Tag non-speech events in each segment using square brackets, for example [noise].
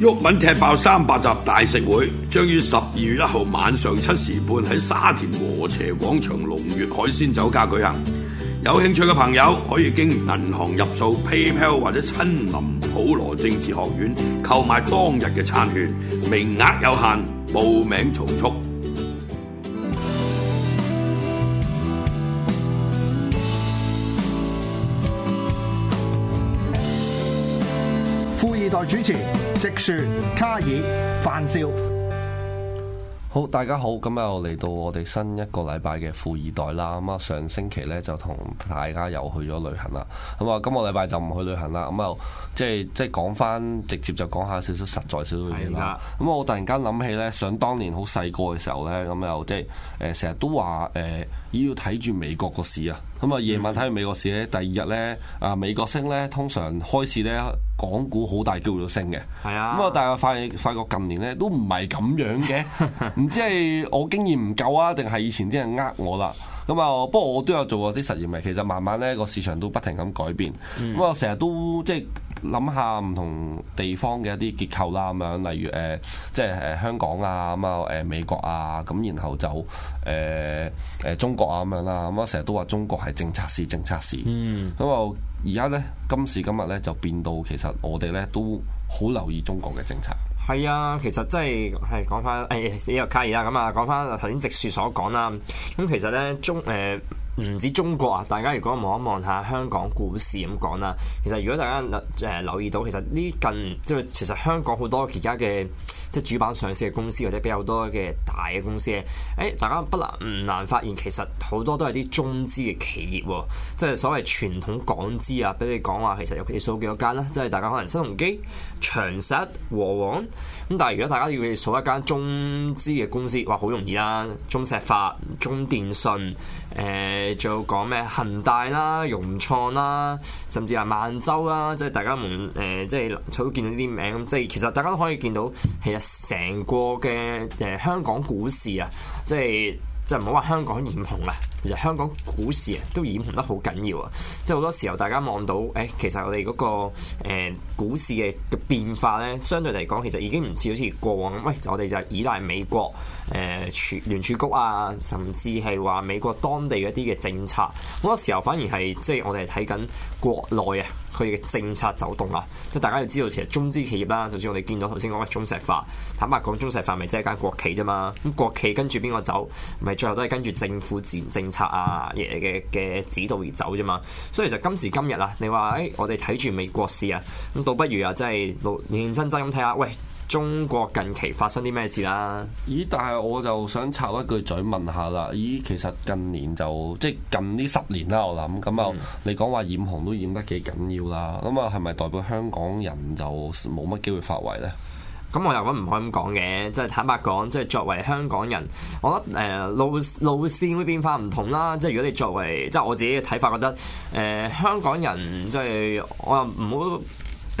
毓民踢爆三百集大食會，將於十二月一號晚上七時半喺沙田禾輋廣場龍悅海鮮酒家舉行。有興趣嘅朋友可以經銀行入數 PayPal 或者親臨普羅政治學院購買當日嘅餐券，名額有限，報名從速。代主持直樹卡爾范少，好，大家好，咁又嚟到我哋新一個禮拜嘅富易袋啦。咁啊，上星期呢，就同大家又去咗旅行啦。咁啊，今個禮拜就唔去旅行啦。咁又即係即係講返，直接就講下少少實在少少嘅嘢啦。咁的我突然間諗起呢，想當年好細個嘅時候呢，咁又即係成日都話誒、呃，要睇住美國個市啊。咁啊，夜晚睇完美國市咧，第二日咧啊，美國升咧，通常開市咧，港股好大機會都升嘅。係是啊，咁啊，但係我發發覺近年咧都唔係咁樣嘅，唔 [laughs] 知係我經驗唔夠啊，定係以前真係呃我啦。咁啊，嗯、不過我都有做過啲實驗，咪其實慢慢咧個市場都不停咁改變。咁、嗯嗯、我成日都即係諗下唔同地方嘅一啲結構啦，咁樣例如誒、呃，即係誒香港啊，咁啊誒美國啊，咁然後就誒誒、呃、中國啊咁樣啦。咁啊成日都話中國係政策市，政策市。咁啊而家咧今時今日咧就變到其實我哋咧都好留意中國嘅政策。係啊，其實真係係講翻誒呢個卡爾啦。咁啊，講翻頭先直樹所講啦。咁其實咧中誒唔止中國啊，大家如果望一望下香港股市咁講啦。其實如果大家誒留意到，其實呢近即係其實香港好多其他嘅。即係主板上市嘅公司，或者比較多嘅大嘅公司咧、哎，大家不難唔難發現，其實好多都係啲中資嘅企業，即係所謂傳統港資啊，俾你講話，其實有幾數幾多間啦？即係大家可能新鴻基、長實、和黃，咁但係如果大家要數一間中資嘅公司，哇，好容易啦，中石化、中電信。誒、仲、呃、有講咩？恒大啦、融創啦，甚至係萬州啦，即係大家唔，誒、呃，即係都見到啲名。咁即係其實大家都可以見到，其實成個嘅誒、呃、香港股市啊，即係即係唔好話香港染紅啊，其實香港股市啊都染紅得好緊要啊！即係好多時候，大家望到誒、欸，其實我哋嗰、那個、呃、股市嘅嘅變化咧，相對嚟講，其實已經唔似好似過往。喂，我哋就係依賴美國。誒、呃、聯儲局啊，甚至係話美國當地一啲嘅政策，好多時候反而係即係我哋睇緊國內啊佢嘅政策走動啊，即係大家要知道，其實中資企業啦、啊，就算我哋見到頭先講嘅中石化，坦白講，中石化咪即係間國企啫嘛，咁國企跟住邊個走，咪最後都係跟住政府自然政策啊嘅嘅嘅指導而走啫嘛，所以其實今時今日啊，你話誒、哎，我哋睇住美國市啊，咁倒不如啊，即係認認真真咁睇下，喂。中國近期發生啲咩事啦？咦，但係我就想插一句嘴問下啦。咦，其實近年就即係近呢十年啦，我諗咁啊，嗯、你講話染紅都染得幾緊要啦。咁啊，係咪代表香港人就冇乜機會發圍咧？咁我又咁唔可以咁講嘅，即、就、係、是、坦白講，即係作為香港人，我覺得誒路路線會變化唔同啦。即係如果你作為即係我自己嘅睇法，覺得誒香港人即係我又唔好。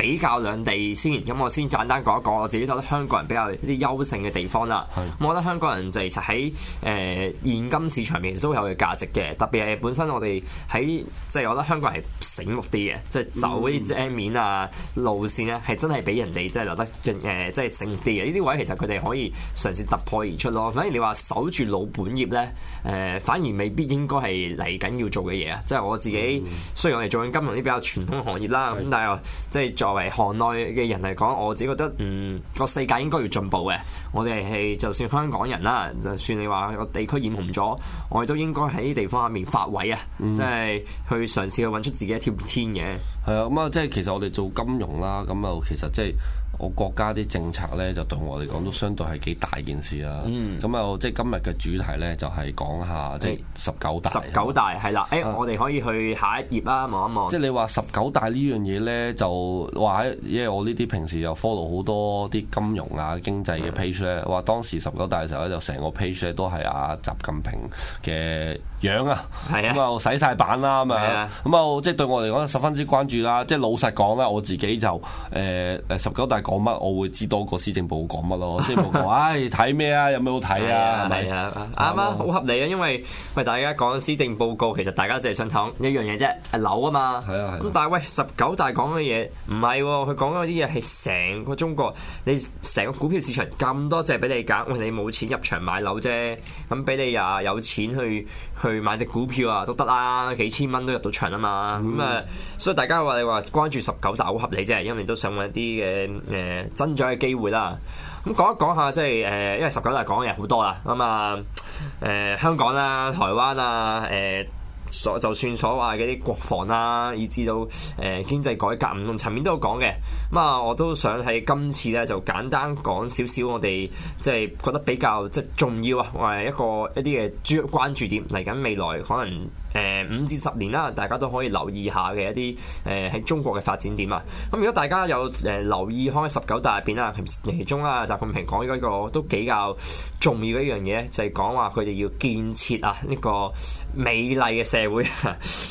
比較兩地先，咁、嗯、我先簡單講一講我自己覺得香港人比較啲優勝嘅地方啦。咁是我覺得香港人就係喺誒現金市場面其實都有佢價值嘅，特別係、呃、本身我哋喺即係我覺得香港係醒目啲嘅、就是啊，即係走呢啲正面啊路線咧，係真係俾人哋即係留得誒、呃、即係醒啲嘅。呢啲位其實佢哋可以嘗試突破而出咯。反而你話守住老本業咧，誒、呃、反而未必應該係嚟緊要做嘅嘢啊！即、就、係、是、我自己、嗯、雖然我哋做緊金融啲比較傳統行業啦，咁但係即係作為行內嘅人嚟講，我自己覺得，嗯，個、嗯、世界應該要進步嘅。我哋係就算香港人啦，就算你話個地區染紅咗，我哋都應該喺地方下面發圍啊，嗯、即係去嘗試去揾出自己一條天嘅、嗯。係啊，咁、嗯、啊，即係其實我哋做金融啦，咁啊，其實即係。我國家啲政策呢，就對我嚟講都相對係幾大件事啦。咁啊、嗯，即係、嗯嗯、今日嘅主題呢，就係、是、講下即係十九大。十九大係啦，誒吧，嗯、我哋可以去下一頁啦，望一望。即係你話十九大呢樣嘢呢，就話喺因為我呢啲平時又 follow 好多啲金融啊、經濟嘅 page 呢、嗯。話當時十九大嘅時候呢，就成個 page 呢都係阿、啊、習近平嘅。樣啊，咁啊洗晒版啦，咁啊，咁啊，即係對我嚟講十分之關注啦。即係老實講啦，我自己就誒誒十九大講乜，我會知多過施政報告講乜咯。施政報告，唉，睇咩啊？有咩好睇啊？係啊，啱啱好合理啊。因為喂大家講施政報告，其實大家就係想睇一樣嘢啫，係樓啊嘛。係啊係咁但係喂，十九大講嘅嘢唔係，佢講嗰啲嘢係成個中國，你成個股票市場咁多隻俾你揀，喂你冇錢入場買樓啫，咁俾你啊有錢去去，去買隻股票啊都得啦，幾千蚊都入到場啊嘛，咁啊、嗯嗯，所以大家話你話關注十九大好合理啫，因為都想搵一啲嘅誒增長嘅機會啦。咁講一講一下即係誒、呃，因為十九大講嘅嘢好多啦，咁啊誒香港啦、啊、台灣啊誒。呃所就算所話嘅啲國防啦、啊，以至到誒、呃、經濟改革唔同層面都有講嘅。咁啊，我都想喺今次咧就簡單講少少我，我哋即係覺得比較即係、就是、重要啊，或係一個一啲嘅主要關注點，嚟緊未來可能。誒五至十年啦，大家都可以留意下嘅一啲誒喺中國嘅發展點啊。咁如果大家有誒留意開十九大入邊啦，其中啊習近平講呢個都比較重要嘅一樣嘢，就係講話佢哋要建設啊呢個美麗嘅社會，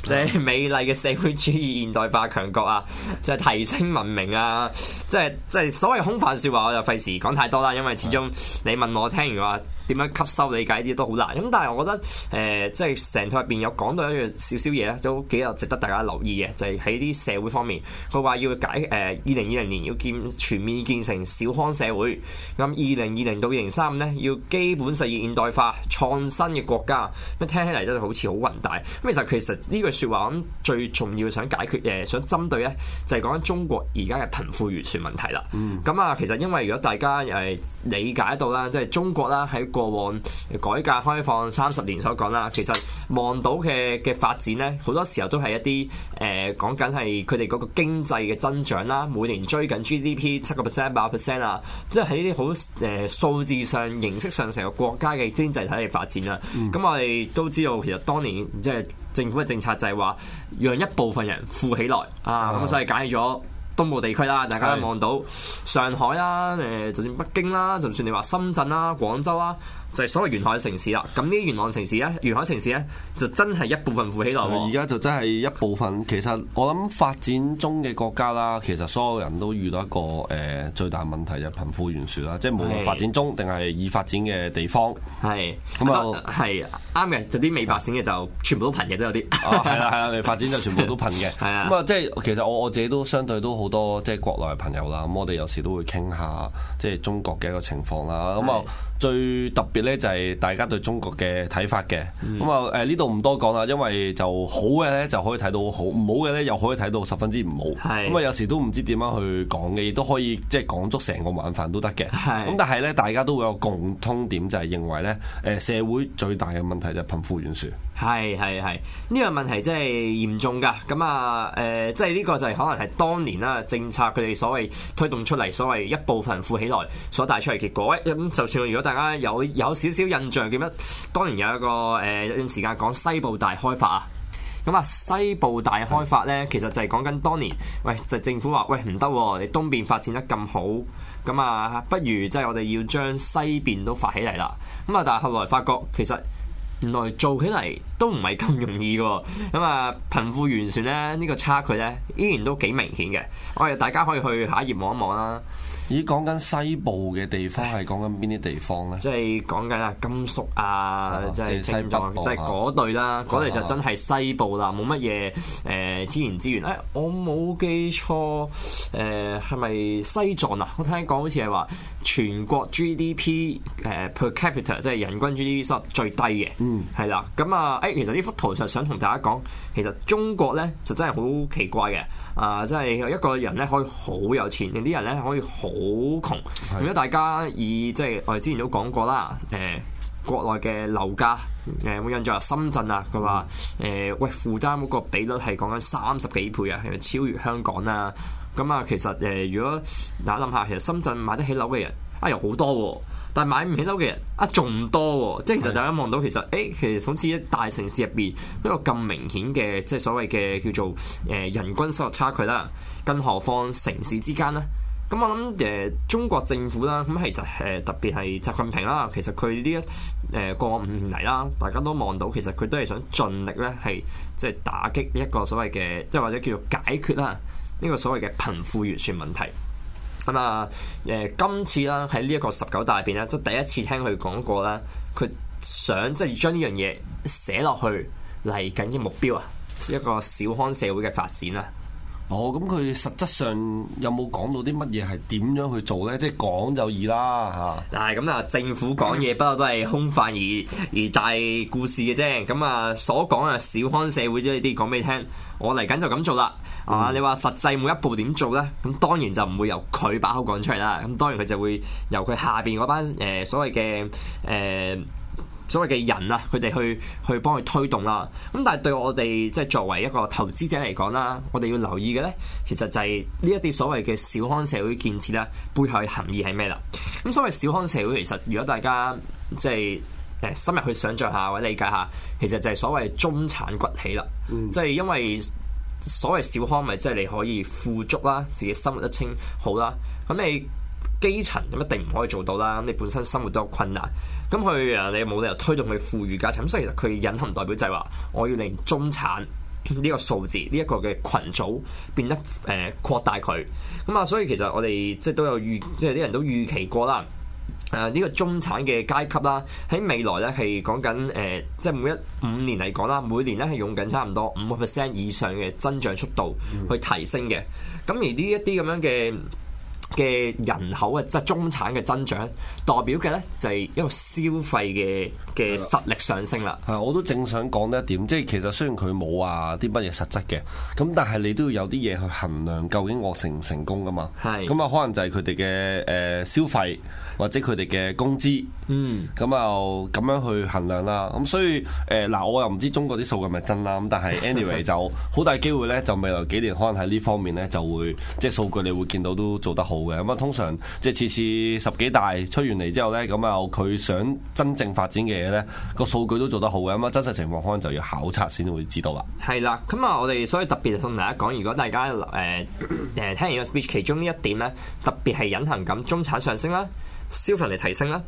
即係 [laughs] [laughs] 美麗嘅社會主義現代化強國啊，即係提升文明啊，即係即係所謂空泛説話，我就費事講太多啦，因為始終你問我聽完話。點樣吸收理解啲都好難，咁但係我覺得誒、呃，即係成套入邊有講到一樣少少嘢咧，都幾有值得大家留意嘅，就係喺啲社會方面，佢話要解誒二零二零年要建全面建成小康社會，咁二零二零到二零三五咧要基本實現現代化創新嘅國家，咁聽起嚟真係好似好宏大，咁其實其實呢句説話咁最重要想解決誒、呃，想針對咧就係、是、講緊中國而家嘅貧富懸殊問題啦。咁啊，其實因為如果大家誒理解到啦，即係中國啦喺過往改革開放三十年所講啦，其實望到嘅嘅發展咧，好多時候都係一啲誒講緊係佢哋嗰個經濟嘅增長啦，每年追緊 GDP 七個 percent 八個 percent 啊，即係喺啲好誒數字上形式上成個國家嘅經濟體嘅發展啦。咁、嗯、我哋都知道，其實當年即係、就是、政府嘅政策就係話，讓一部分人富起來啊，咁所以簡化咗。東部地區啦，大家望到是上海啦，誒、呃，就算北京啦，就算你話深圳啦、廣州啦。就係所謂沿海城市啦，咁呢啲沿海城市咧，沿海城市咧就真係一部分富起來。而家就真係一部分。其實我諗發展中嘅國家啦，其實所有人都遇到一個誒最大問題就貧富懸殊啦，即係無論發展中定係已發展嘅地方。係咁啊，係啱嘅。嗰啲未發展嘅就全部都貧嘅都有啲。係啦係啦，未發展就全部都貧嘅。係啊。咁啊，即係其實我我自己都相對都好多即係國內嘅朋友啦。咁我哋有時都會傾下即係中國嘅一個情況啦。咁啊，最特別。咧就係大家對中國嘅睇法嘅，咁啊誒呢度唔多講啦，因為就好嘅咧就可以睇到好，唔好嘅咧又可以睇到十分之唔好。咁啊是、嗯，有時都唔知點樣去講嘅，亦都可以即係講足成個晚飯都得嘅。咁是，但係咧大家都會有共通點，就係、是、認為咧誒社會最大嘅問題就係貧富懸殊。係係係，呢、呢個問題真係嚴重㗎。咁啊誒，即係呢個就係可能係當年啦政策佢哋所謂推動出嚟，所謂一部分富起來所帶出嚟結果。咁、欸嗯、就算如果大家有有。有有少少印象叫乜？當年有一個誒，有、呃、段時間講西部大開發啊。咁啊，西部大開發咧，其實就係講緊當年，喂，就係、政府話，喂，唔得，你東邊發展得咁好，咁啊，不如即係我哋要將西邊都發起嚟啦。咁啊，但係後來發覺其實原來做起嚟都唔係咁容易嘅。咁啊，貧富懸殊咧，呢、呢個差距咧，依然都幾明顯嘅。我哋大家可以去下一頁望一望啦。咦，講緊西部嘅地方係講緊邊啲地方咧？即係講緊啊，甘肅啊，即係西藏、啊，即係嗰對啦，嗰對、啊、就真係西部啦，冇乜嘢誒資源資源。誒、呃哎，我冇記錯誒，係、呃、咪西藏啊？我聽講好似係話全國 GDP 誒、呃、per capita，即係人均 GDP 收入最低嘅。嗯。係啦，咁啊，誒、哎，其實呢幅圖就想同大家講，其實中國咧就真係好奇怪嘅。啊，即係一個人咧可以好有錢，啲人咧可以好窮。如果是的 大家以即係我哋之前都講過啦，誒、呃、國內嘅樓價誒會印象深圳啊，佢話誒喂負擔嗰個比率係講緊三十幾倍啊，超越香港啦、啊。咁、嗯、啊，其實誒、呃、如果大家諗下，其實深圳買得起樓嘅人啊有好多喎、啊。但係買唔起樓嘅人一仲、啊、多、哦，即係其實大家望到其實，誒、欸，其實好似一大城市入邊一個咁明顯嘅，即係所謂嘅叫做誒、呃、人均收入差距啦。更何況城市之間咧，咁我諗誒、呃、中國政府啦，咁其實誒、呃、特別係習近平啦，其實佢呢一誒過、呃、五年嚟啦，大家都望到其實佢都係想盡力咧，係即係打擊一個所謂嘅，即係或者叫做解決啦呢、呢個所謂嘅貧富懸殊問題。咁啊，誒 [music] 今次啦，喺呢一個十九大入邊咧，即係第一次聽佢講過咧，佢想即係將呢樣嘢寫落去嚟緊嘅目標啊，一個小康社會嘅發展啊。哦，咁佢實質上有冇講到啲乜嘢係點樣去做呢？即係講就易啦嚇。嗱，咁啊，政府講嘢不過都係空泛而而大故事嘅啫。咁啊，所講啊，小康社會呢啲講俾你聽，我嚟緊就咁做啦。啊，你話實際每一步點做呢？咁當然就唔會由佢把口講出嚟啦。咁當然佢就會由佢下邊嗰班誒、呃、所謂嘅誒。呃所謂嘅人啊，佢哋去去幫佢推動啦、啊。咁但係對我哋即係作為一個投資者嚟講啦，我哋要留意嘅咧，其實就係呢一啲所謂嘅小康社會建設咧、啊、背後嘅含義係咩啦？咁所謂小康社會，其實，如果大家即係誒深入去想像下或者理解下，其實就係所謂中產崛起啦。即係、嗯、因為所謂小康咪即係你可以富足啦、啊，自己生活得清好啦、啊。咁你基層咁一定唔可以做到啦。咁你本身生活都有困難。咁佢誒你冇理由推動佢富裕階層，咁所以其實佢隱含代表就係話，我要令中產呢個數字呢一個嘅群組變得誒、呃、擴大佢。咁啊，所以其實我哋即係都有預，即係啲人都預期過啦。誒、呃、呢個中產嘅階級啦，喺未來咧係講緊誒、呃，即係每一五年嚟講啦，每年咧係用緊差唔多五個 percent 以上嘅增長速度去提升嘅。咁而呢一啲咁樣嘅。嘅人口嘅即係中產嘅增長，代表嘅咧就係、是、一個消費嘅嘅實力上升啦。係，我都正想講一點，即係其實雖然佢冇啊啲乜嘢實質嘅，咁但係你都要有啲嘢去衡量究竟我成唔成功㗎嘛。係的，咁啊、嗯、可能就係佢哋嘅誒消費。或者佢哋嘅工資，嗯，咁啊，咁樣去衡量啦。咁所以誒嗱、呃，我又唔知中國啲數據係咪真啦。咁但係，anyway 就好大機會咧，就未來幾年可能喺呢方面咧就會即係數據，你會見到都做得好嘅。咁啊，通常即係次次十幾大吹完嚟之後咧，咁啊，佢想真正發展嘅嘢咧，個數據都做得好嘅。咁啊，真實情況可能就要考察先會知道啦。係啦，咁啊，我哋所以特別同大家講，如果大家誒誒、呃、聽完個 speech，其中呢一點咧，特別係隱含咁中產上升啦。消費嚟提升啦。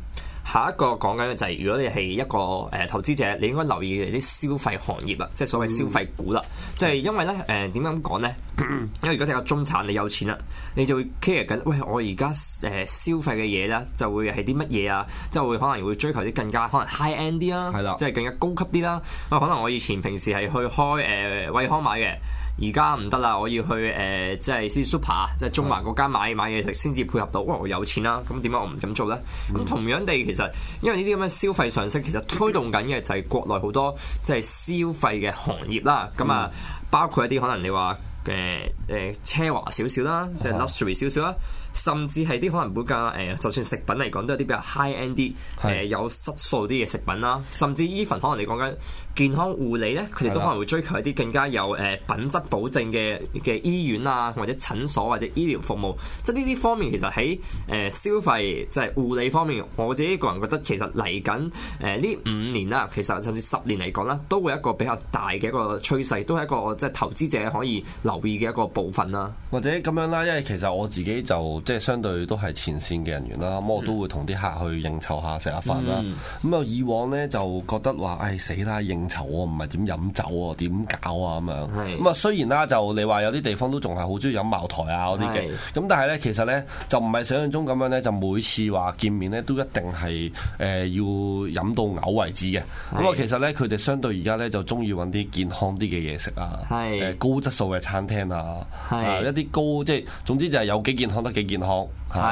下一個講緊嘅就係如果你係一個誒、呃、投資者，你應該留意啲消費行業啦，即係所謂消費股啦。即係、嗯、因為咧誒點樣講咧？ [coughs] 因為如果你係中產，你有錢啦，你就會 care 緊。喂，我而家誒消費嘅嘢咧就會係啲乜嘢啊？即係會可能會追求啲更加可能 high end 啲啦，係啦即係更加高級啲啦。啊、呃，可能我以前平時係去開誒呃、惠康買嘅。而家唔得啦，我要去誒、呃，即係先 super，即係中環嗰間買買嘢食，先至配合到。哇，我有錢啦，咁點解我唔咁做咧？咁、嗯、同樣地，其實因為呢啲咁嘅消費上升，其實推動緊嘅就係國內好多即係消費嘅行業啦。咁啊，包括一啲可能你話誒誒奢華少少啦，嗯、即係 luxury 少少啦，甚至係啲可能每家誒、呃，就算食品嚟講都係啲比較 high end 啲誒是的、呃、有質素啲嘅食品啦，甚至 even 可能你講緊。健康護理呢，佢哋都可能會追求一啲更加有誒品質保證嘅嘅醫院啊，或者診所或者醫療服務，即係呢啲方面其實喺誒消費即係護理方面，我自己個人覺得其實嚟緊誒呢五年啦、啊，其實甚至十年嚟講啦，都會有一個比較大嘅一個趨勢，都係一個即係投資者可以留意嘅一個部分啦、啊。或者咁樣啦，因為其實我自己就即係相對都係前線嘅人員啦，咁、嗯、我都會同啲客去應酬下、食下飯啦。咁啊、嗯、以往咧就覺得話，唉、哎、死啦應丑啊，唔係點飲酒啊，點搞啊咁樣。咁啊，雖然啦，就你話有啲地方都仲係好中意飲茅台啊嗰啲嘅。咁是的 但係咧，其實咧就唔係想象中咁樣咧，就每次話見面咧都一定係誒、呃、要飲到嘔為止嘅。咁啊，其實咧佢哋相對而家咧就中意搵啲健康啲嘅嘢食啊，誒是的 高質素嘅餐廳啊，啊是的、呃、一啲高即係總之就係有幾健康得幾健康。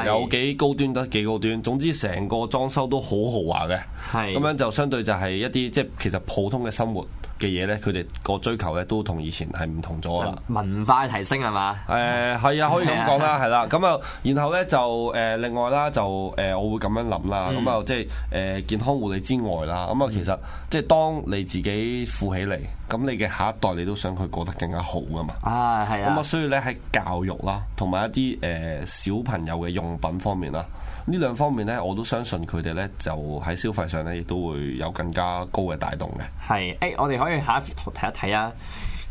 有幾高端得幾高端，總之成個裝修都好豪華嘅，咁是的 樣就相對就係一啲即係其實普通嘅生活。嘅嘢咧，佢哋個追求咧都同以前係唔同咗啦。文化提升係嘛？誒係、呃、啊，可以咁講啦，係啦。咁啊，然後咧就誒、呃、另外、呃、啦，就誒我會咁樣諗啦。咁、呃、啊，即係誒健康護理之外啦。咁啊，其實即係當你自己富起嚟，咁你嘅下一代你都想佢過得更加好噶嘛。啊，係啊。咁啊，所以咧喺教育啦，同埋一啲誒、呃、小朋友嘅用品方面啦。呢兩方面呢，我都相信佢哋呢，就喺消費上呢，亦都會有更加高嘅帶動嘅。係，誒，我哋可以下一幅圖睇一睇吖。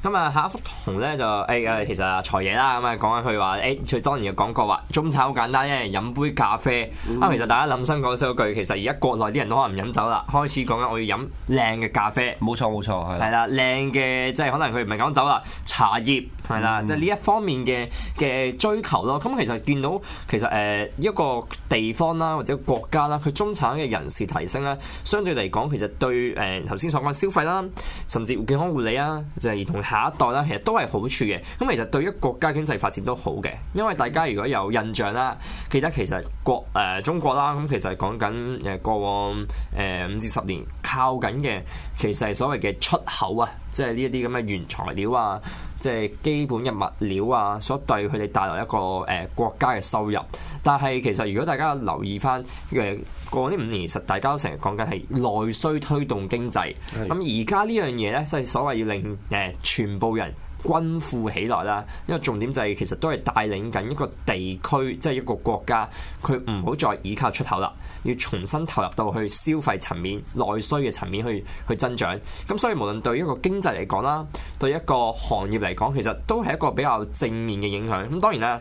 咁啊，下一幅圖咧就誒、欸，其實財爺啦咁啊，欸、講緊佢話誒，佢當年就講過話中產好簡單因為，飲杯咖啡、嗯、啊。其實大家諗深講深嗰句，其實而家國內啲人都可能唔飲酒啦，開始講緊我要飲靚嘅咖啡。冇錯冇錯，係啦，靚嘅即係可能佢唔係講酒啦，茶葉係啦，即係呢一方面嘅嘅追求咯。咁、嗯嗯、其實見到其實誒、呃、一個地方啦，或者國家啦，佢中產嘅人士提升啦，相對嚟講其實對誒頭先所講消費啦，甚至健康護理啊，即係兒下一代啦，其實都係好處嘅。咁其實對於國家經濟發展都好嘅，因為大家如果有印象啦，記得其實國誒、呃、中國啦，咁其實係講緊誒過往誒五、呃、至十年靠緊嘅。其實係所謂嘅出口啊，即係呢一啲咁嘅原材料啊，即係基本嘅物料啊，所對佢哋帶來一個誒、呃、國家嘅收入。但係其實如果大家留意翻嘅、呃、過呢五年，其實大家都成日講緊係內需推動經濟。咁而家呢樣嘢咧，即、就、係、是、所謂要令誒、呃、全部人。均富起來啦，一個重點就係其實都係帶領緊一個地區，即係一個國家，佢唔好再依靠出口啦，要重新投入到去消費層面、內需嘅層面去去增長。咁所以無論對一個經濟嚟講啦，對一個行業嚟講，其實都係一個比較正面嘅影響。咁當然啦，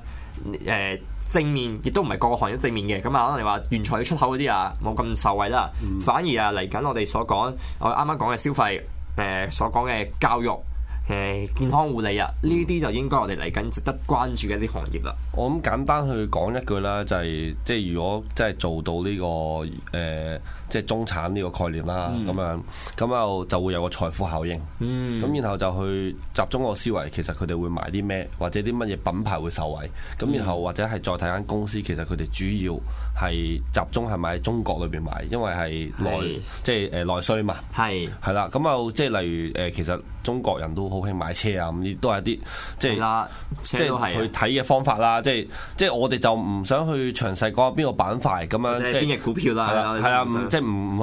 誒正面亦都唔係個個行業正面嘅，咁啊可能你話原材料出口嗰啲啊冇咁受惠啦，嗯，反而啊嚟緊我哋所講我啱啱講嘅消費誒所講嘅教育，誒健康護理啊，呢啲就應該我哋嚟緊值得關注嘅一啲行業啦。我咁簡單去講一句啦，就係、是、即係如果即係做到呢、這個誒。呃即係中產呢個概念啦，咁樣咁又就會有個財富效應，咁然後就去集中個思維，其實佢哋會買啲咩，或者啲乜嘢品牌會受惠，咁然後或者係再睇間公司，其實佢哋主要係集中係買喺中國裏邊買，因為係內即係誒內需嘛，係係啦，咁又即係例如誒，其實中國人都好興買車啊，咁亦都係啲即係即係去睇嘅方法啦，即係即係我哋就唔想去詳細講下邊個板塊咁樣，即係邊隻股票啦，係啦，即係。唔唔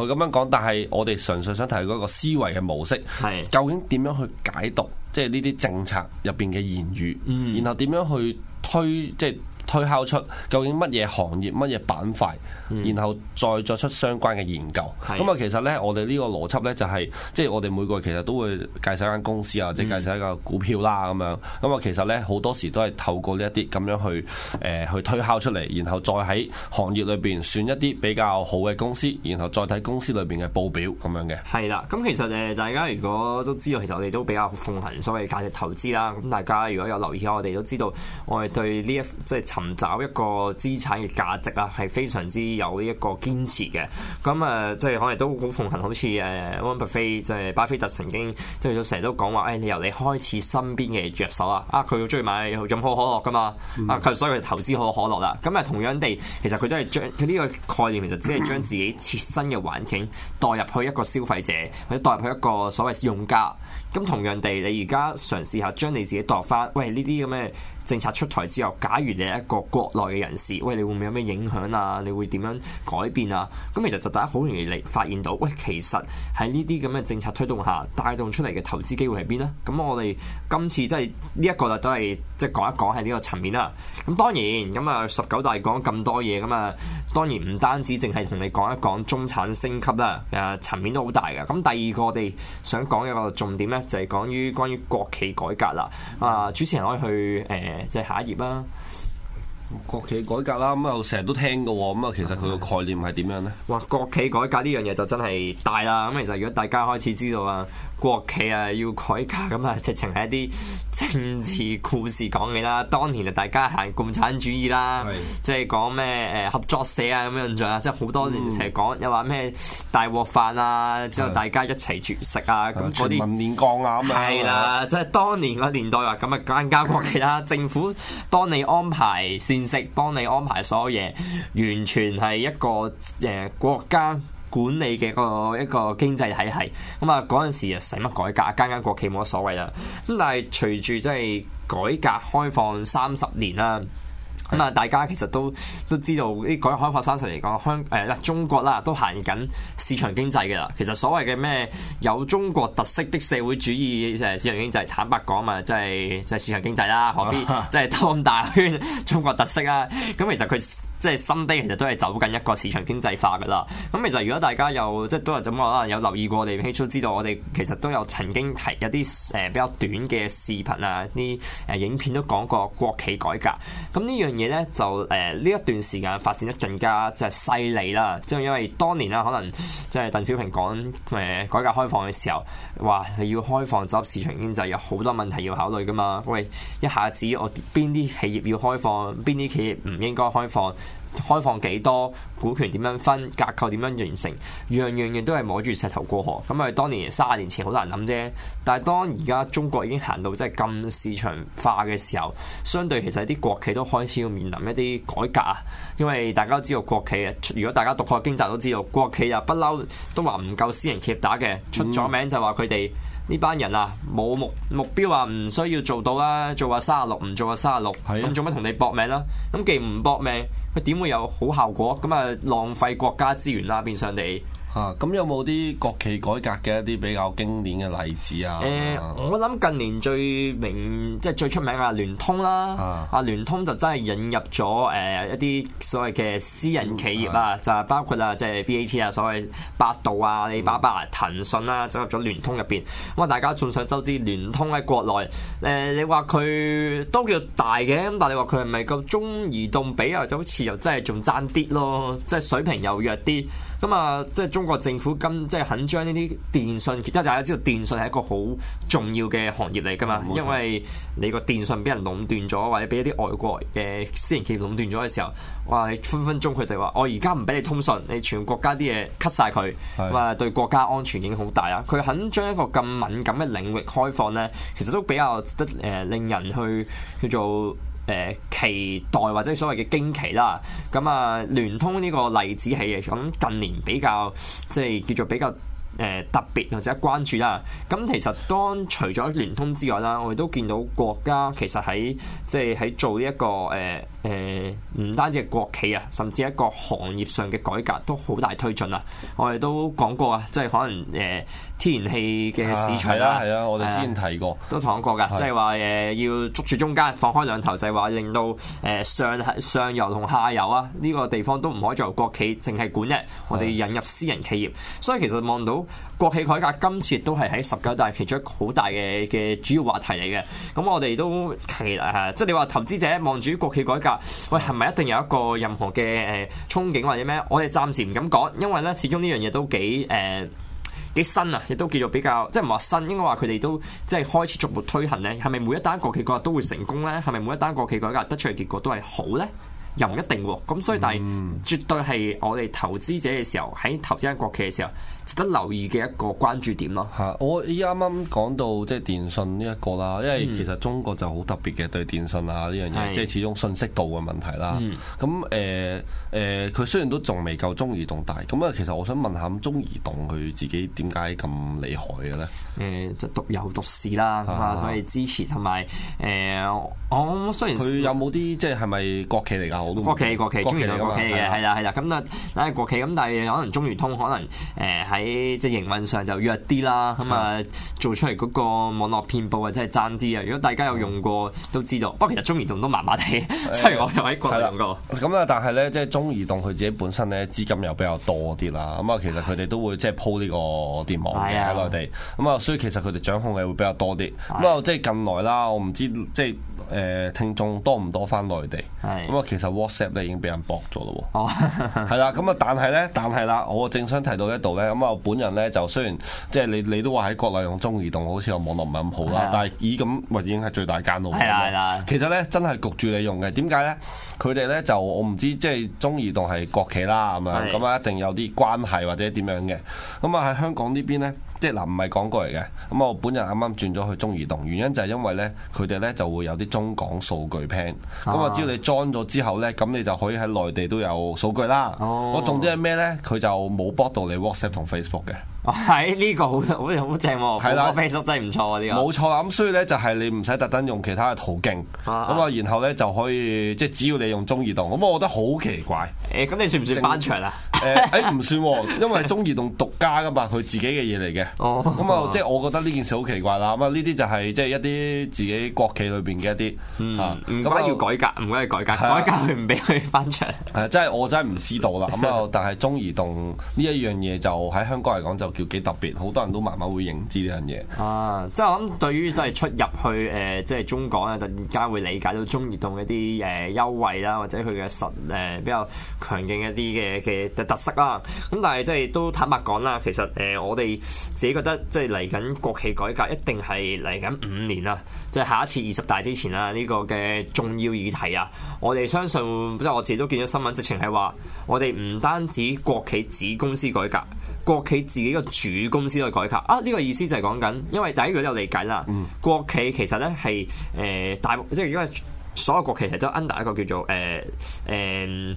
去咁樣講。但係我哋純粹想提嗰個思維嘅模式，係是的 究竟點樣去解讀即係呢啲政策入邊嘅言語，嗯，然後點樣去推即係。推敲出究竟乜嘢行業、乜嘢板塊，然後再作出相關嘅研究。咁啊的，其實咧，我哋呢個邏輯咧就係、是、即係我哋每個月其實都會介紹一間公司啊，或者介紹一個股票啦，咁樣。咁啊，其實咧好多時都係透過呢一啲咁樣去誒、呃、去推敲出嚟，然後再喺行業裏邊選一啲比較好嘅公司，然後再睇公司裏邊嘅報表咁樣嘅。係啦，咁其實誒大家如果都知道，其實我哋都比較奉行所謂價值投資啦。咁大家如果有留意我哋都知道我，我哋對呢一即係。即尋找一個資產嘅價值啊，係非常之有一個堅持嘅。咁誒，即係可能都好奉行，好似誒 Warren Buffett 即係巴菲特曾經即係都成日都講話誒，你由你開始身邊嘅入手啊。啊，佢中意買飲可口可樂噶嘛？嗯、啊，佢所以佢投資可口可樂啦。咁、嗯、啊，同樣地，其實佢都係將佢呢個概念其實只係將自己切身嘅環境代入去一個消費者或者代入去一個所謂用家。咁同樣地，你而家嘗試下將你自己代翻，喂呢啲咁嘅。這政策出台之後，假如你係一個國內嘅人士，喂，你會唔會有咩影響啊？你會點樣改變啊？咁其實就大家好容易嚟發現到，喂，其實喺呢啲咁嘅政策推動下，帶動出嚟嘅投資機會係邊呢？咁我哋今次即係呢一個就都係即係講一講喺呢個層面啦。咁當然，咁、嗯、啊，十九大講咁多嘢，咁啊，當然唔單止淨係同你講一講中產升級啦，誒層面都好大嘅。咁第二個我哋想講嘅一個重點呢，就係、是、講於關於國企改革啦。啊，主持人可以去誒。欸即係下一頁啦、啊，國企改革啦，咁啊我成日都聽㗎，咁啊其實佢個概念係點樣呢？哇，國企改革呢樣嘢就真係大啦，咁其實如果大家開始知道啊。國企啊，要改革咁啊，直情係一啲政治故事講起啦。當年啊，大家行共產主義啦，的即係講咩誒合作社啊咁嘅印象啊，即係好多年成日講，又話咩大鍋飯啊，之後大家一齊住食啊，咁的些全民煉鋼啊咁啊，係啦，即、就、係、是、當年個年代話咁啊，間間國企啦，的政府幫你安排膳食，幫你安排所有嘢，完全係一個誒、呃、國家管理嘅嗰一個經濟體系，咁啊嗰陣時啊使乜改革？間間國企冇乜所謂啦。咁但係隨住即係改革開放三十年啦，咁啊是大家其實都都知道，啲改革開放三十年嚟講，香誒中國啦都行緊市場經濟嘅啦。其實所謂嘅咩有中國特色的社會主義誒市場經濟，坦白講啊，即係即係市場經濟啦，何必即係兜大圈中國特色啊？咁其實佢。即係新低，其實都係走緊一個市場經濟化嘅啦。咁其實如果大家有即係都係咁講啦，可能有留意過我哋起初知道我哋其實都有曾經提一啲誒、呃、比較短嘅視頻啊，啲誒影片都講過國企改革。咁呢樣嘢咧就誒呢、呃、一段時間發展得更加即係犀利啦。即係因為當年啦，可能即係鄧小平講誒、呃、改革開放嘅時候，話你要開放走入市場經濟，有好多問題要考慮噶嘛。喂，一下子我邊啲企業要開放，邊啲企業唔應該開放？開放幾多股權，點樣分架構，點樣完成，各樣樣樣都係摸住石頭過河。咁咪當年卅年前好難諗啫。但係當而家中國已經行到即係咁市場化嘅時候，相對其實啲國企都開始要面臨一啲改革啊。因為大家都知道國企啊，如果大家讀過經濟都知道，國企又不嬲都話唔夠私人企業打嘅，嗯、出咗名就話佢哋。呢班人啊，冇目目標啊，唔需要做到啦，做話三十六唔做話三十六，咁做乜同你搏命啦？咁既然唔搏命，佢點會有好效果？咁啊，浪費國家資源啦，變相你。啊，咁有冇啲國企改革嘅一啲比較經典嘅例子啊？誒、呃，我諗近年最明，即係最出名啊，聯通啦，啊聯通就真係引入咗誒、呃、一啲所謂嘅私人企業啊，嗯、就係包括啦，即係 BAT 啊，所謂百度啊、阿里巴巴、嗯、騰訊啊，走入咗聯通入邊。咁啊，大家眾所周知，聯通喺國內誒、呃，你話佢都叫大嘅，咁但係你話佢係咪夠中移動比啊？就好似又真係仲爭啲咯，即係水平又弱啲。咁啊，即係中國政府今即係肯將呢啲電信，即係大家知道電信係一個好重要嘅行業嚟㗎嘛，嗯嗯、因為你個電信俾人壟斷咗，或者俾一啲外國嘅私人企業壟斷咗嘅時候，哇，你分分鐘佢哋話我而家唔俾你通訊，你全國家啲嘢 cut 曬佢，咁啊是、嗯、對國家安全影響好大啊！佢肯將一個咁敏感嘅領域開放咧，其實都比較得誒、呃，令人去叫做。誒期待或者所謂嘅驚奇啦，咁啊聯通呢個例子係咁近年比較即係叫做比較。誒特別或者關注啦，咁其實當除咗聯通之外啦，我哋都見到國家其實喺即係喺做呢、這、一個誒誒，唔、呃呃、單止係國企啊，甚至一個行業上嘅改革都好大推進啦。我哋都講過、呃、啊，即係可能誒天然氣嘅市場啦，係啊，我哋之前提過、呃、都講過噶，即係話誒要捉住中間放開兩頭，就係、是、話令到誒、呃、上上游同下游啊呢、這個地方都唔可以再由國企淨係管嘅，我哋引入私人企業，所以其實望到。國企改革今次都係喺十九大其中好大嘅嘅主要話題嚟嘅，咁我哋都其實即係你話投資者望住國企改革，喂係咪一定有一個任何嘅誒憧憬或者咩？我哋暫時唔敢講，因為咧始終呢樣嘢都幾誒、呃、幾新啊，亦都叫做比較即係唔話新，應該話佢哋都即係開始逐步推行咧。係咪每一單國企改革都會成功咧？係咪每一單國企改革得出嘅結果都係好咧？又唔一定喎，咁所以但係絕對係我哋投資者嘅時候，喺投資緊國企嘅時候，值得留意嘅一個關注點咯。我依家啱啱講到即係電信呢、這、一個啦，因為其實中國就好特別嘅對電信啊呢樣嘢，是即係始終信息度嘅問題啦。咁誒誒，佢、呃呃、雖然都仲未夠中移動大，咁啊，其實我想問下中移動佢自己點解咁厲害嘅咧？誒、呃，即係獨有獨市啦，啊，所以支持同埋誒，我、啊呃哦、雖然佢有冇啲即係係咪國企嚟㗎？國企，國企，中移動國企嘅，係啦的，係啦，咁啊，係國企咁，但係可能中移通可能誒喺即營運上就弱啲啦，咁啊的做出嚟嗰個網絡遍佈啊，真係爭啲啊。如果大家有用過都知道，嗯、不過其實中移動都麻麻地，欸、雖然我又喺國內用過。咁啊，但係咧，即係中移動佢自己本身咧資金又比較多啲啦，咁啊，其實佢哋都會即係鋪呢個電網喺內地，咁啊的，所以其實佢哋掌控嘅會比較多啲。咁啊的，即係近來啦，我唔知即係誒聽眾多唔多翻內地，咁啊的，其實。WhatsApp 咧已經俾人搏咗咯喎，係啦，咁啊，但係咧，但係啦，我正想提到呢度咧，咁啊，我本人咧就雖然即係你你都話喺國內用中移動，好似個網絡唔係咁好啦，的但係咦咁，喂，已經係最大間咯，係啦，係啦，其實咧真係焗住你用嘅，點解咧？佢哋咧就我唔知，即係中移動係國企啦，咁啊，咁啊的一定有啲關係或者點樣嘅，咁啊喺香港呢邊咧。即係嗱，唔係廣告嚟嘅。咁我本人啱啱轉咗去中移動，原因就係因為呢，佢哋呢就會有啲中港數據 plan，啊。咁我只要你裝咗之後呢，咁你就可以喺內地都有數據啦。我重點係咩呢？佢就冇 block 到你 WhatsApp 同 Facebook 嘅。喺呢、哎，這個好好好正喎、啊，Facebook 真係唔錯喎，呢個冇錯咁，所以咧就係你唔使特登用其他嘅途徑，咁啊，啊，啊然後咧就可以即係只要你用中移動，咁我覺得好奇怪。誒、哎，咁你算唔算翻牆啊？誒，誒、呃、唔、哎、算，因為中移動獨家噶嘛，佢自己嘅嘢嚟嘅。咁、哦、啊，啊，即係我覺得呢件事好奇怪啦。咁啊，呢啲就係即係一啲自己國企裏邊嘅一啲，咁唔、嗯啊、要改革，唔該要改革，的改革佢唔俾佢翻牆、啊。係，真係我真係唔知道啦。咁啊，但係中移動呢一樣嘢就喺香港嚟講就。叫幾特別，好多人都慢慢會認知呢樣嘢。啊，即係我諗，對於即係出入去誒、呃，即係中港，啊，突然間會理解到中移動一啲誒、呃、優惠啦，或者佢嘅實誒、呃、比較強勁一啲嘅嘅特色啦。咁但係即係都坦白講啦，其實誒、呃、我哋自己覺得即係嚟緊國企改革一定係嚟緊五年啦，即、就、係、是、下一次二十大之前啦，呢、這個嘅重要議題啊，我哋相信即係我自己都見咗新聞，直情係話我哋唔單止國企子公司改革。國企自己嘅主公司去改革啊！呢、這個意思就係講緊，因為第一個都有理解啦。嗯、國企其實咧係誒大，即係如果係所有國企其實都 under 一個叫做誒誒、呃呃、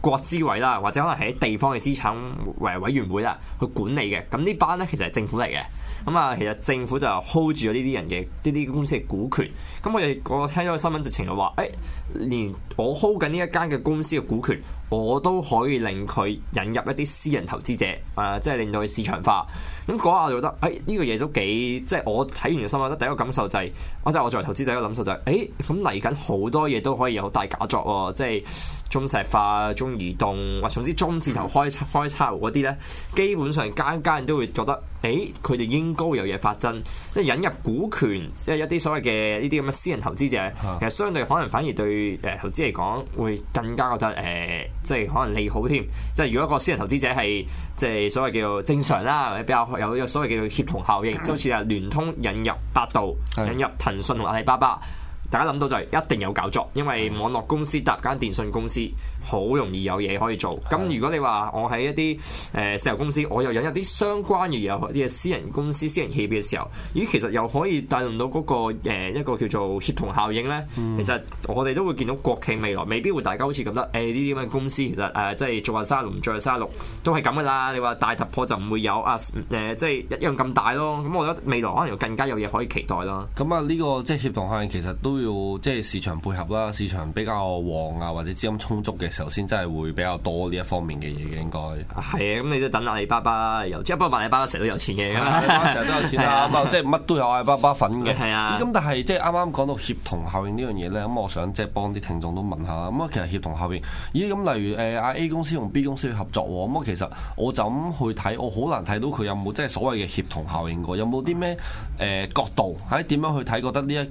國資委啦，或者可能係地方嘅資產委委員會啦去管理嘅。咁呢班咧其實係政府嚟嘅。咁、嗯、啊，其實政府就 hold 住咗呢啲人嘅呢啲公司嘅股權。咁我哋我聽咗個新聞直情就話，誒、欸，連我 hold 緊呢一間嘅公司嘅股權。我都可以令佢引入一啲私人投資者，誒、啊，即係令到佢市場化。咁嗰下就覺得，誒、哎、呢、這個嘢都幾，即係我睇完新聞覺得第一個感受就係、是，或者我作為投資者嘅感受就係、是，誒，咁嚟緊好多嘢都可以有大假作喎、哦，即係中石化、中移動，或總之中字頭開開差嗰啲咧，基本上間間都會覺得，誒，佢哋應高有嘢發生，即係引入股權，即係一啲所謂嘅呢啲咁嘅私人投資者，其實相對可能反而對誒投資嚟講會更加覺得誒、呃，即係可能利好添，即係如果一個私人投資者係即係所謂叫正常啦，比較。有有所謂嘅協同效應，就好似啊，聯通引入百度、引入騰訊同阿里巴巴。大家諗到就係一定有搞作，因為網絡公司搭間電訊公司，好容易有嘢可以做。咁如果你話我喺一啲誒石油公司，我又引入啲相關而有啲嘅私人公司、私人企業嘅時候，咦，其實又可以帶動到嗰、那個、呃、一個叫做協同效應呢？嗯、其實我哋都會見到國企未來未必會大家好似咁得，誒呢啲咁嘅公司其實誒、呃、即係做下三六唔做下三六都係咁噶啦。你話大突破就唔會有啊誒、呃，即係一樣咁大咯。咁我覺得未來可能又更加有嘢可以期待啦。咁啊、嗯，呢、這個即係協同效應其實都。都要即係市場配合啦，市場比較旺啊，或者資金充足嘅時候，先真係會比較多呢一方面嘅嘢。應該係啊，咁你都等阿里巴巴有即係不過，阿里巴巴成日都有錢嘅、 [laughs] 啊，阿里巴巴成日都有錢啊，即係乜都有阿里巴巴粉嘅。係啊 [laughs] 的，咁但係即係啱啱講到協同效應呢樣嘢咧，咁、嗯、我想即係幫啲聽眾都問下咁啊、嗯。其實協同效應咦咁、嗯，例如誒阿、呃、A 公司同 B 公司去合作，咁、嗯嗯、其實我就咁去睇，我好難睇到佢有冇即係所謂嘅協同效應過，有冇啲咩誒角度喺點樣去睇？覺得呢一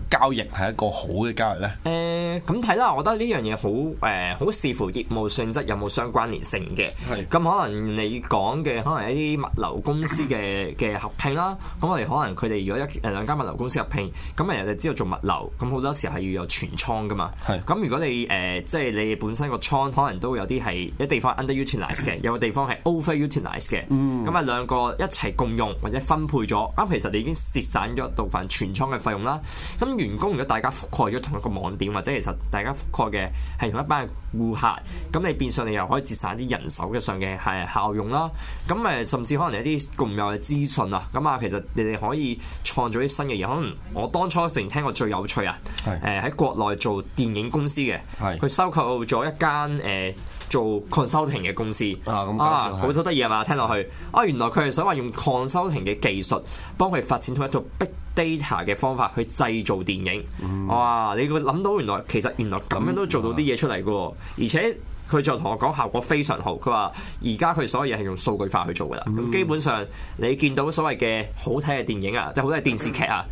交易係一個好嘅交易咧？誒，咁睇啦，我覺得呢樣嘢好誒，好視乎業務性質有冇相關聯性嘅。係是。咁可能你講嘅可能一啲物流公司嘅嘅合併啦，咁我哋可能佢哋如果一兩間物流公司合併，咁人哋知道做物流，咁好多時候係要有全倉㗎嘛。係是。咁如果你誒即係你本身個倉可能都有啲係一地方 underutilise 嘅，有個地方係 overutilise 嘅。嗯。咁啊兩個一齊共用或者分配咗，咁其實你已經節省咗一部分全倉嘅費用啦。咁呃、員工如果大家覆蓋咗同一個網點，或者其實大家覆蓋嘅係同一班顧客，咁你變相你又可以節省啲人手嘅上嘅係效用啦。咁誒，甚至可能一啲共有嘅資訊啊。咁啊，其實你哋可以創造啲新嘅嘢。可能我當初成日聽過最有趣啊。係喺是、呃、國內做電影公司嘅，係佢是收購咗一間誒、呃、做 consulting 嘅公司。啊咁啊，好多得意係嘛？聽落去啊，原來佢係想話用 consulting 嘅技術幫佢發展出一套逼。Data 嘅方法去製造電影，嗯、哇！你會諗到原來其實原來咁樣都做到啲嘢出嚟嘅喎，嗯、而且佢就同我講效果非常好。佢話而家佢所有嘢係用數據化去做嘅啦。咁、嗯、基本上你見到所謂嘅好睇嘅電影啊，嗯、即係好多電視劇啊、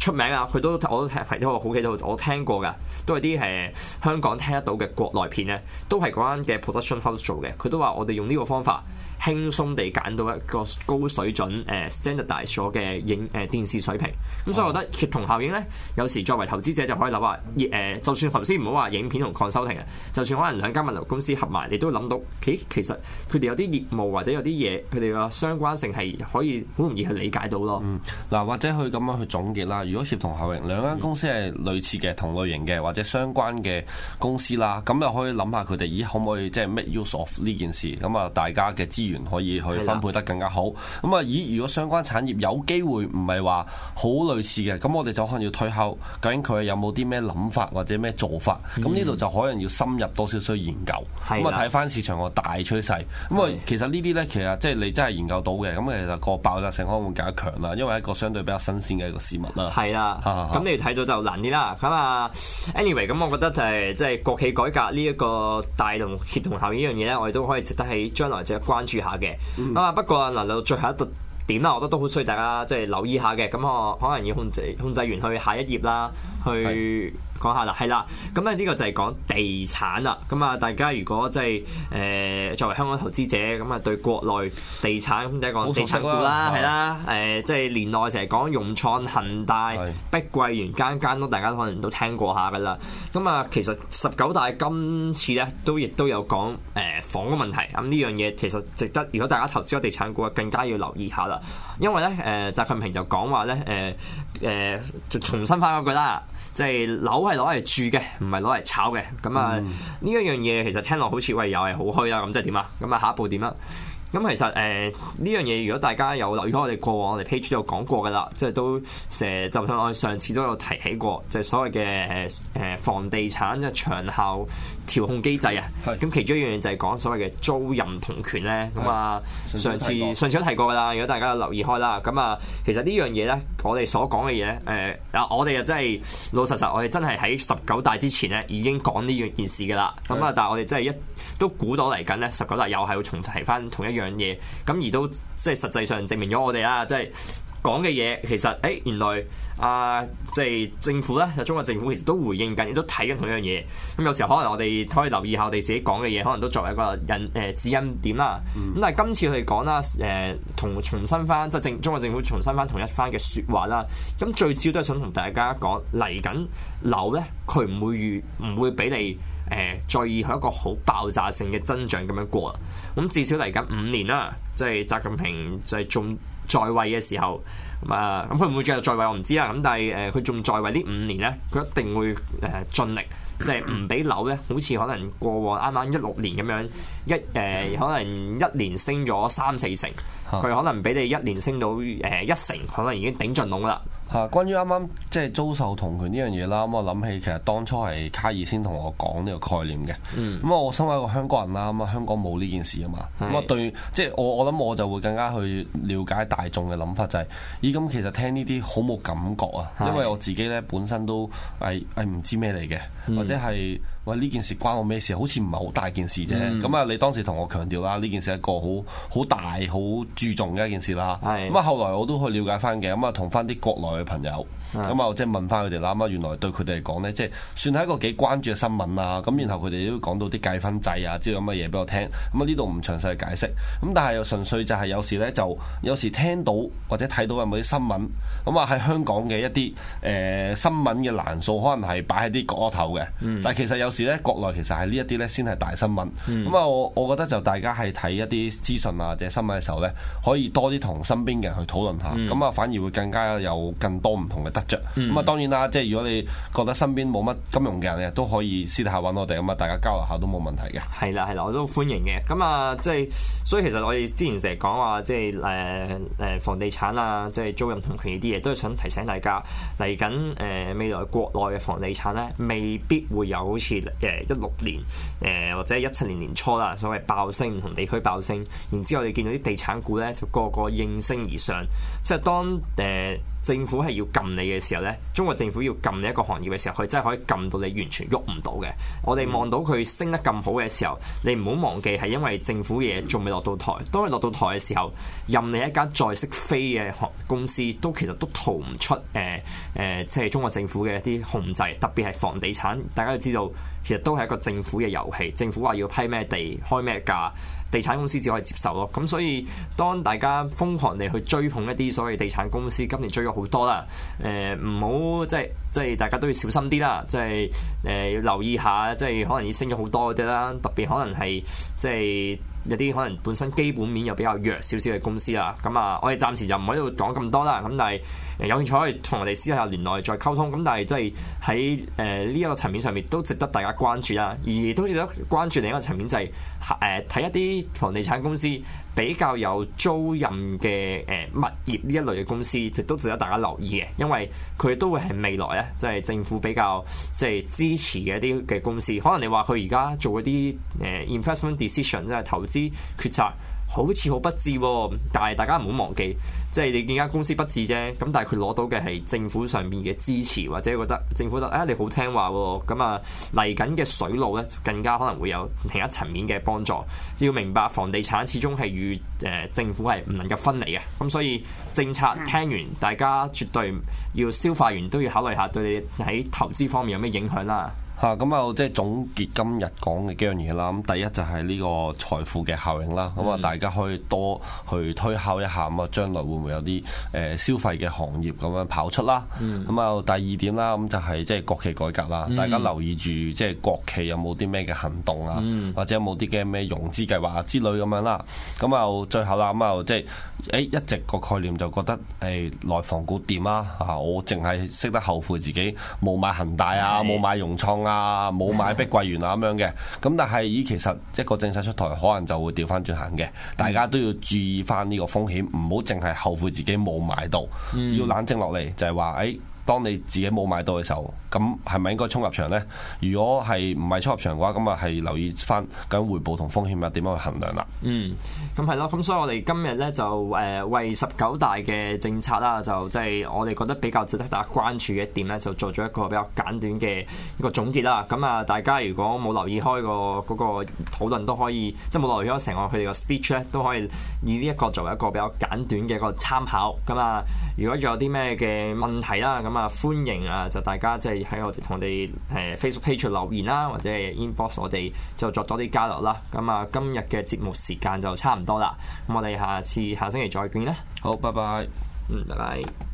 出名啊，佢都我都係都，都好幾套我聽過嘅，都係啲誒香港聽得到嘅國內片咧，都係嗰間嘅 Production House 做嘅。佢都話我哋用呢個方法。輕鬆地揀到一個高水準誒、呃、standardise 咗嘅影誒、呃、電視水平，咁、啊啊、所以我覺得協同效應咧，有時作為投資者就可以諗話，誒、呃、就算頭先唔好話影片同抗收停嘅，就算可能兩間物流公司合埋，你都諗到，咦其實佢哋有啲業務或者有啲嘢，佢哋嘅相關性係可以好容易去理解到咯。嗱、嗯啊、或者去咁樣去總結啦，如果協同效應兩間公司係類似嘅、同類型嘅或者相關嘅公司啦，咁又可以諗下佢哋，咦可唔可以即係 make use of 呢件事？咁啊大家嘅資源可以去分配得更加好，咁啊，以如果相關產業有機會唔係話好類似嘅，咁我哋就可能要退後。究竟佢有冇啲咩諗法或者咩做法？咁呢度就可能要深入多少少研究。咁啊、嗯，睇翻市場個大趨勢。咁啊的，其實呢啲呢，其實即係你真係研究到嘅。咁其實個爆炸性可能會加強啦，因為一個相對比較新鮮嘅一個事物啦。係啦的，咁 [laughs] 你睇到就難啲啦。咁啊，anyway，咁我覺得就係即係國企改革呢一個帶動協同效應呢樣嘢呢，我哋都可以值得喺將來就關注。下嘅咁啊，嗯、 [noise] 不過嗱到最後一個點啦，我覺得都好需要大家即係、就是、留意下嘅。咁我可能要控制控制完去下一頁啦，去。講下啦，係啦，咁咧呢個就係講地產啦。咁啊，大家如果即係誒作為香港投資者，咁啊對國內地產，即係講地產股啦，係啦、啊，誒即係年內成日講融創、恒大、的碧桂園間間屋，大家可能都聽過下噶啦。咁啊，其實十九大今次咧都亦都有講誒房嘅問題。咁呢樣嘢其實值得，如果大家投資個地產股啊，更加要留意下啦。因為咧誒、呃、習近平就講話咧誒誒重新翻嗰句啦。即係樓係攞嚟住嘅，唔係攞嚟炒嘅。咁啊，呢一、嗯、樣嘢其實聽落好似話又係好虛啦。咁即係點啊？咁啊，下一步點啊？咁其實誒呢、呃、樣嘢，如果大家有留意我，如果我哋過往我哋 page 都有講過噶啦，即係都成日，就算我哋上次都有提起過，就係、是、所謂嘅誒誒房地產嘅長效調控機制啊，咁是其中一樣嘢就係講所謂嘅租賃同權咧，咁啊是上次是上次都提過噶啦，是如果大家留意開啦，咁啊其實呢樣嘢咧，我哋所講嘅嘢，誒、呃，我哋又真係老實實，我哋真係喺十九大之前咧已經講呢樣件事噶啦，咁啊是，但係我哋真係一都估到嚟緊咧，十九大又係會重提翻同一樣嘢，咁而都即係實際上證明咗我哋啦，即係。講嘅嘢其實，誒、欸、原來啊，即、就、係、是、政府咧，就中國政府其實都回應緊，亦都睇緊同一樣嘢。咁有時候可能我哋可以留意下，我哋自己講嘅嘢，可能都作為一個引誒、呃、指引點啦。咁、嗯、但係今次佢哋講啦，誒、呃、同重申翻即係政中國政府重申翻同一番嘅説話啦。咁最主要都係想同大家講，嚟緊樓咧，佢唔會遇，唔會俾你誒再以為一個好爆炸性嘅增長咁樣過。咁至少嚟緊五年啦，即係習近平就係仲。在位嘅時候，咁、嗯、啊，咁佢會唔會繼續在位，我唔知啦，咁但係誒，佢、呃、仲在位呢五年咧，佢一定會誒、呃、盡力，即係唔俾樓咧，好似可能過往啱啱一六年咁樣，一誒、呃、可能一年升咗三四成，佢、啊、可能俾你一年升到誒一、呃、成，可能已經頂盡籠啦。嚇！關於啱啱即係租售同權呢樣嘢啦，咁、嗯、我諗起其實當初係卡爾先同我講呢個概念嘅。嗯。咁啊、嗯，我身為一個香港人啦，咁、嗯、啊，香港冇呢件事啊嘛。咁啊是，嗯、對，即係我我諗我就會更加去了解大眾嘅諗法、就係，就係咦咁其實聽呢啲好冇感覺啊，因為我自己咧本身都係係唔知咩嚟嘅，或者係。是嗯喂，呢件事關我咩事？好似唔係好大件事啫。咁啊、嗯，你當時同我強調啦，呢件事係一個好好大、好注重嘅一件事啦。咁啊的，後來我都去了解翻嘅。咁啊，同翻啲國內嘅朋友，咁啊的，即係問翻佢哋啦。咁啊，原來對佢哋嚟講咧，即係算係一個幾關注嘅新聞啊，咁然後佢哋都講到啲計分制啊，之類咁嘅嘢俾我聽，咁啊，呢度唔詳細解釋，咁但係又純粹就係有時咧，就有時聽到或者睇到有冇啲新聞，咁啊，喺香港嘅一啲誒、呃、新聞嘅欄數可能係擺喺啲角落頭嘅。嗯、但其實有。咧國內其實喺呢一啲咧先係大新聞，咁啊、嗯、我我覺得就大家係睇一啲資訊啊或者新聞嘅時候咧，可以多啲同身邊嘅人去討論下，咁啊、嗯、反而會更加有更多唔同嘅得着。咁啊、嗯、當然啦，即係如果你覺得身邊冇乜金融嘅人咧，都可以私下揾我哋啊，大家交流下都冇問題嘅。係啦係啦，我都歡迎嘅。咁啊，即係所以其實我哋之前成日講話即係誒誒房地產啊，即係租賃同權呢啲嘢，都係想提醒大家嚟緊誒未來國內嘅房地產咧，未必會有好似，誒一六年，誒、呃、或者一七年年初啦，所謂爆升同地區爆升，然之後你見到啲地產股咧，就個個應聲而上。即係當誒、呃、政府係要禁你嘅時候咧，中國政府要禁你一個行業嘅時候，佢真係可以禁到你完全喐唔到嘅。我哋望到佢升得咁好嘅時候，你唔好忘記係因為政府嘢仲未落到台。當你落到台嘅時候，任你一家再識飛嘅公司，都其實都逃唔出誒誒、呃呃，即係中國政府嘅一啲控制。特別係房地產，大家都知道。其實都係一個政府嘅遊戲，政府話要批咩地，開咩價，地產公司只可以接受咯。咁所以當大家瘋狂地去追捧一啲所謂地產公司，今年追咗好多啦。誒唔好即係即係大家都要小心啲啦，即係誒、呃、要留意下，即係可能已經升咗好多嗰啲啦。特別可能係即係有啲可能本身基本面又比較弱少少嘅公司啦。咁啊，我哋暫時就唔喺度講咁多啦。咁但係。有興趣可以同我哋私下聯絡再溝通，咁但係即係喺誒呢一個層面上面都值得大家關注啦。而都值得關注另一個層面就係誒睇一啲房地產公司比較有租賃嘅誒物業呢一類嘅公司，亦都值得大家留意嘅，因為佢都會係未來咧，即係政府比較即係支持嘅一啲嘅公司。可能你話佢而家做一啲誒 investment decision，即係投資決策。好似好不智喎，但係大家唔好忘記，即係你見間公司不智啫。咁但係佢攞到嘅係政府上面嘅支持，或者覺得政府覺得啊你好聽話喎。咁啊嚟緊嘅水路咧，更加可能會有另一層面嘅幫助。要明白，房地產始終係與呃政府係唔能夠分離嘅。咁所以政策聽完，大家絕對要消化完，都要考慮下對你喺投資方面有咩影響啦。吓咁啊，即係總結今日講嘅幾樣嘢啦。咁第一就係呢個財富嘅效應啦。咁啊、嗯，大家可以多去推敲一下，咁啊，將來會唔會有啲誒消費嘅行業咁樣跑出啦？咁啊、嗯，第二點啦，咁就係即係國企改革啦。嗯、大家留意住，即係國企有冇啲咩嘅行動啊？嗯、或者有冇啲嘅咩融資計劃之類咁樣啦？咁啊，最後啦，咁、嗯、啊，即係誒一直個概念就覺得係內房股掂啊！吓，我淨係識得後悔自己冇買恒大啊，冇是買融創。啊，冇買碧桂園啊咁樣嘅，咁但係依其實一個政策出台，可能就會調翻轉行嘅，大家都要注意翻呢個風險，唔好淨係後悔自己冇買到，要冷靜落嚟，就係話，誒，當你自己冇買到嘅時候。咁係咪應該衝入場呢？如果係唔係衝入場嘅話，咁啊係留意翻咁回報同風險啊點樣去衡量啦？嗯，咁係咯，咁所以我哋今日呢，就誒為十九大嘅政策啦，就即係我哋覺得比較值得大家關注嘅一點呢，就做咗一個比較簡短嘅一個總結啦。咁啊，大家如果冇留意開個嗰個討論都可以，即係冇留意咗成個佢哋嘅 speech 呢，都可以以呢一個作為一個比較簡短嘅一個參考。咁啊，如果仲有啲咩嘅問題啦，咁啊歡迎啊就大家即係。喺我哋同我哋誒 Facebook page 留言啦，或者係 inbox 我哋就作多啲交流啦。咁啊，今日嘅節目時間就差唔多啦。咁我哋下次下星期再見啦。好，拜拜。嗯，拜拜。